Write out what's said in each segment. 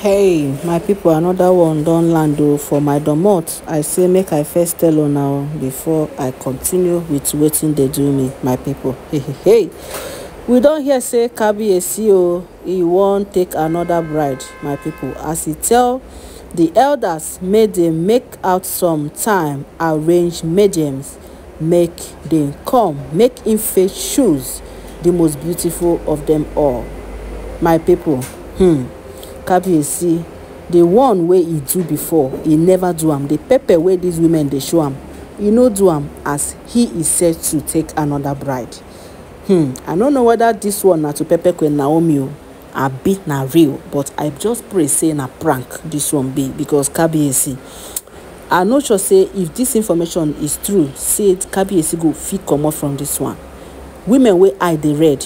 hey my people, another one don land o for my domot i say make i first tell una before i continue with wetin dey do me my people, hey we don hear say Kabi kabiyesi o He wan take another bride my people. as he tell the elders make dem make out some time arrange mediums make dem come make im fit choose the most beautiful of them all my people, hmm kabiyesi the one wey e do before e never do am the pepper wey these women dey show am e no do am as he is set to take another bride hmm i no know whether this one na to pepper queen naomi o abi na real but i just pray say na prank this one be because kabiyesi i no sure say if dis information is true say kabiyesi go fit comot from dis one women wey eye dey red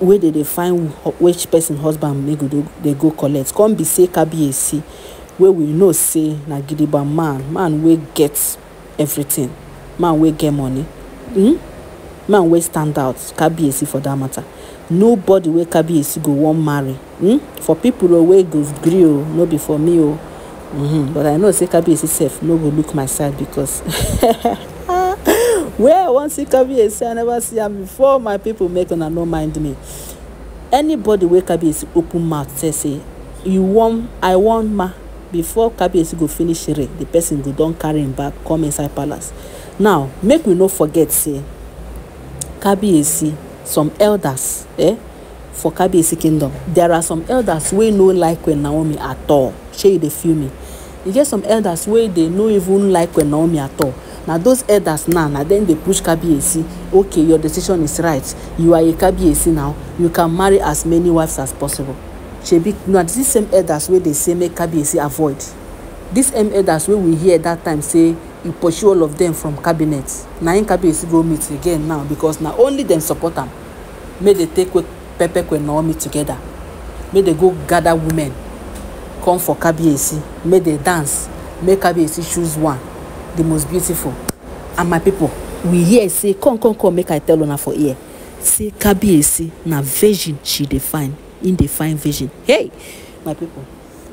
wey dey dey find which person husband make we dey go collect come be say kabiyesi wey we know say na gidigba man man wey get everything man wey get money hmm? man wey stand out kabiyesi for that matter nobody wey kabiyesi go wan marry hmm? for people o wey go gree o no be for me o mm -hmm. but i know say kabiyesi sef no go look my side because. where i wan see kabiyesi i never see am before my people make una no mind me anybody wey kabiyesi open mouth say say you wan i wan ma before kabiyesi go finish re the person go don carry him back come inside palace now make we no forget say kabiyesi some elders eh, for kabiyesi kingdom there are some elders wey no like when naomi at all shey you dey feel me e get some elders wey dey no even like when naomi at all na those elders now na dem dey push kabiyesi okay your decision is right you are a kabiyesi now you can marry as many wives as possible shebi na the same elders wey dey say make kabiyesi avoid these same elders wey we hear that time say e pursue all of them from cabinet na im kabiyesi go meet again now because na only them support am make they take pepeque naomi together make they go gather women come for kabiyesi make they dance make kabiyesi choose one the most beautiful and my people we hear say come come come make i tell una for here say kabiyesi na virgin she dey find im dey find virgin hey my people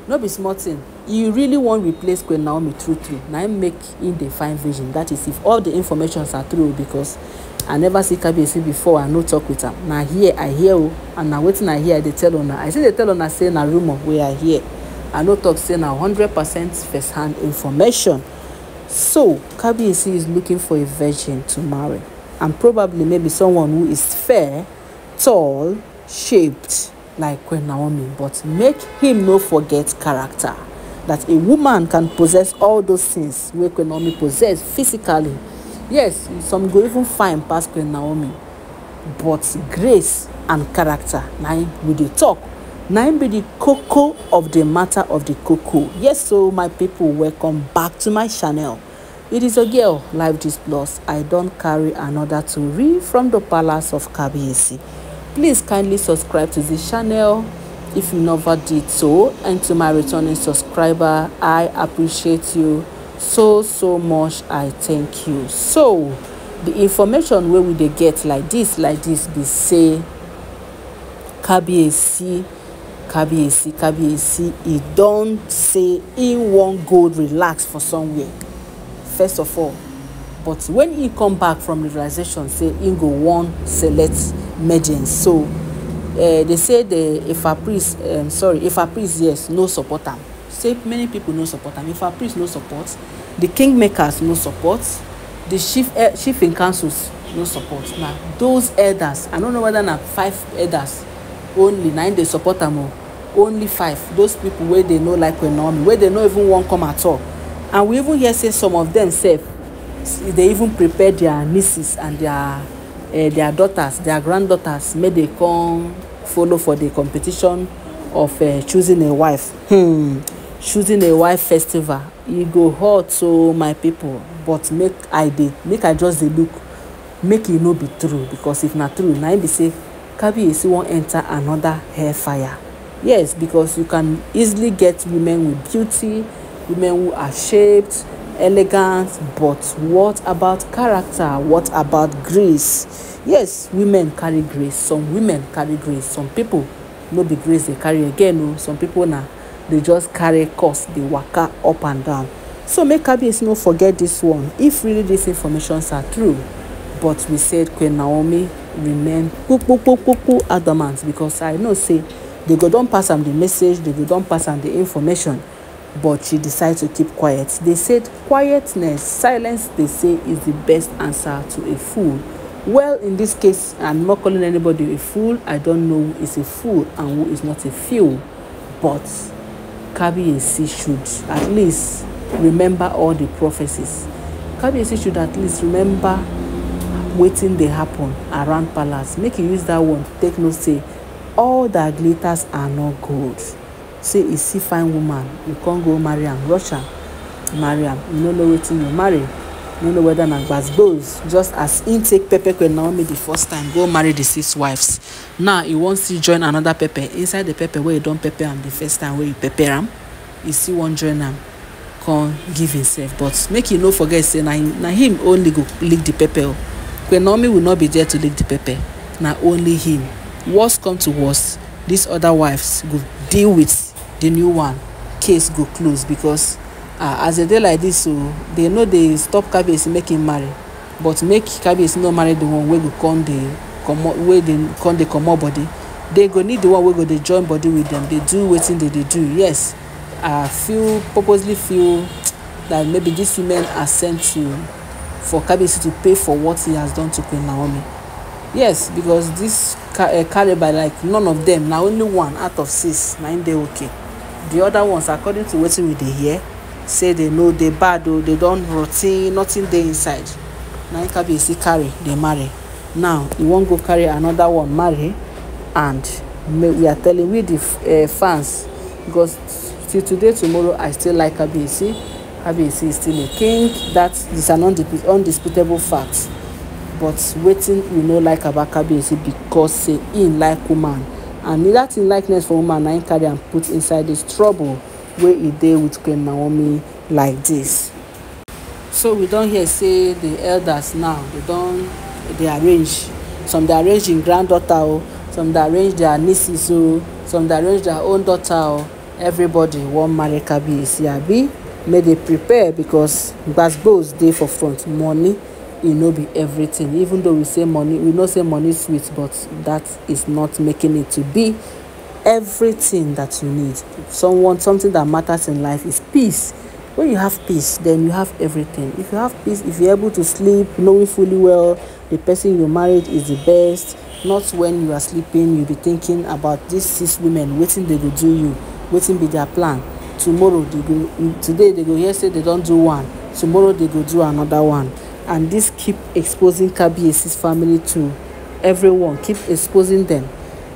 no be small thing e really wan replace queen naomi true true na im make im dey find virgin that is if all the informations are true because i never see kabiyesi before i no talk with am na here i hear o oh, and na wetin i hear i dey tell una i still dey tell una say na rumour wey i hear i no talk say na hundred percent first hand information So, Kabiesi is looking for a virgin to marry, and probably maybe someone who is fair, tall, shaped, like Queen Naomi. But make him no forget character. That a woman can possess all those things wey Queen Naomi possess physically. Yes, some go even fine past Queen Naomi. But grace and character Now, im we talk na im be the koko of the matter of the koko yes so my people, welcome back to my channel it is your girl life this plus i don carry anoda tori from the palace of kabiyesi please kindly subscribe to the channel if you never did so and to my returning subscriber i appreciate you so so much i thank you so The information where we dey get like this, like this, be say kabiyesi kabiyesi kabiyesi he don say he wan go relax for somewhere first of all but when he come back from liberalization say he go wan select mergence so uh, they say the ifa priest um, sorry ifa priest yes no support am say many people no support am ifa priest no support the kingmakers no support the chief uh, chief in councils no support na those elders i no know whether na five elders only na im dey support am o only five those people wey dey no like queen naomi wey dey no even wan come at all and we even hear say some of them sef dey even prepare their nieces and their uh, their daughters their granddaughters make they come follow for the competition of uh, choosing a wife hmm choosing a wife festival e go hot so my people but make i dey make i just dey look make e no be true because if na true na im be say kabiyesi wan enter another hair fire yes because you can easily get women with beauty women who are shaped elegant but what about character what about grace yes women carry grace some women carry grace some people no be grace dey carry again o oh. some people na dey just carry curse dey waka up and down so make kabiyesi no forget this one if really these informations are true but we said queen naomi remain kpokpokpokpo adamant because i know say they go don pass am the message they go don pass am the information but she decide to keep quiet they said quietness silence they say is the best answer to a fool well in this case i'm not calling anybody a fool i don't know who is a fool and who is not a fool but kabiyesi should at least remember all the prophecies kabiyesi should at least remember wetin dey happen around palace make you use that one take know say all that glitters are not gold say you see fine woman you can't go marry am Russia, marry am you no know wetin you marry you no know whether na gbazgbos just as im take pepekwe naomi the first time go marry the six wives now he wan still join another pepper inside the pepper wey he don pepper am the first time wey he pepper am He still wan join am come give himself but make you no forget say na na him only go lick the pepper o oh. queen naomi will not be there to lick the pepper na only him worse come to worse these other wives go deal with the new one case go close because ah as e dey like this so they no dey stop kabiyesi make him marry but make kabiyesi no marry the one wey go come dey comot wey dey come dey comot body they go need the one wey go dey join body with them. dey do wetin they dey do yes i feel purposely feel that maybe these women are sent to for kabiyesi to pay for what he has done to queen naomi yes because this Eh, carry by like none of them na only one out of six na im dey okay The other ones according to wetin we dey hear say they no dey bad o oh, they don rotten nothing dey inside na im kabiyesi carry dey marry now e wan go carry another one marry and we are telling we the uh, fans because till today tomorrow i still like kabiyesi kabiyesi is still a king that is an undisputable fact but wetin we no like about kabiyesi because say im like woman and dat im likeness for woman na im carry am put inside dis trouble wey e dey wit queen naomi like dis so we don hear say di elders now dey don dey arrange some dey arrange im granddaughter o some dey arrange their nieces o some dey arrange their own daughter o everybody wan marry kabiyesi abi make dey prepare because gbasgbos dey for front money e no be everything even though we say money we know say money sweet but that is not making it to be everything that you need someone something that matters in life is peace when you have peace then you have everything if you have peace if you're able to sleep knowing fully well the person you married is the best not when you are sleeping you be thinking about these six women waiting. They will do you waiting be their plan tomorrow they go today they go hear say they don't do one tomorrow they go do another one and this keep exposing Kabiesi's family to everyone keep exposing them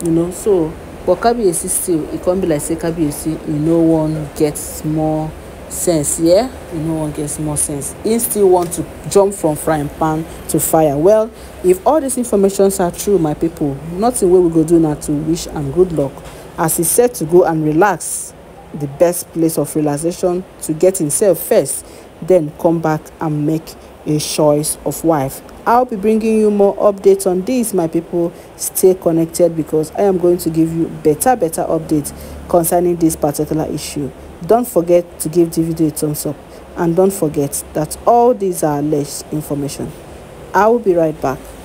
you know so but Kabiesi still e come be like say Kabiesi you no wan get more sense yeah you no wan get more sense he still want to jump from frying pan to fire well if all these informations are true my people nothing wey we go do na to wish am good luck as he set to go and relax the best place of relaxation to get himself first then come back and make a choice of wife i'll be bringing you more updates on this my people stay connected because i am going to give you better better updates concerning this particular issue don't forget to give the video a thumbs up and don't forget that all these are less information i will be right back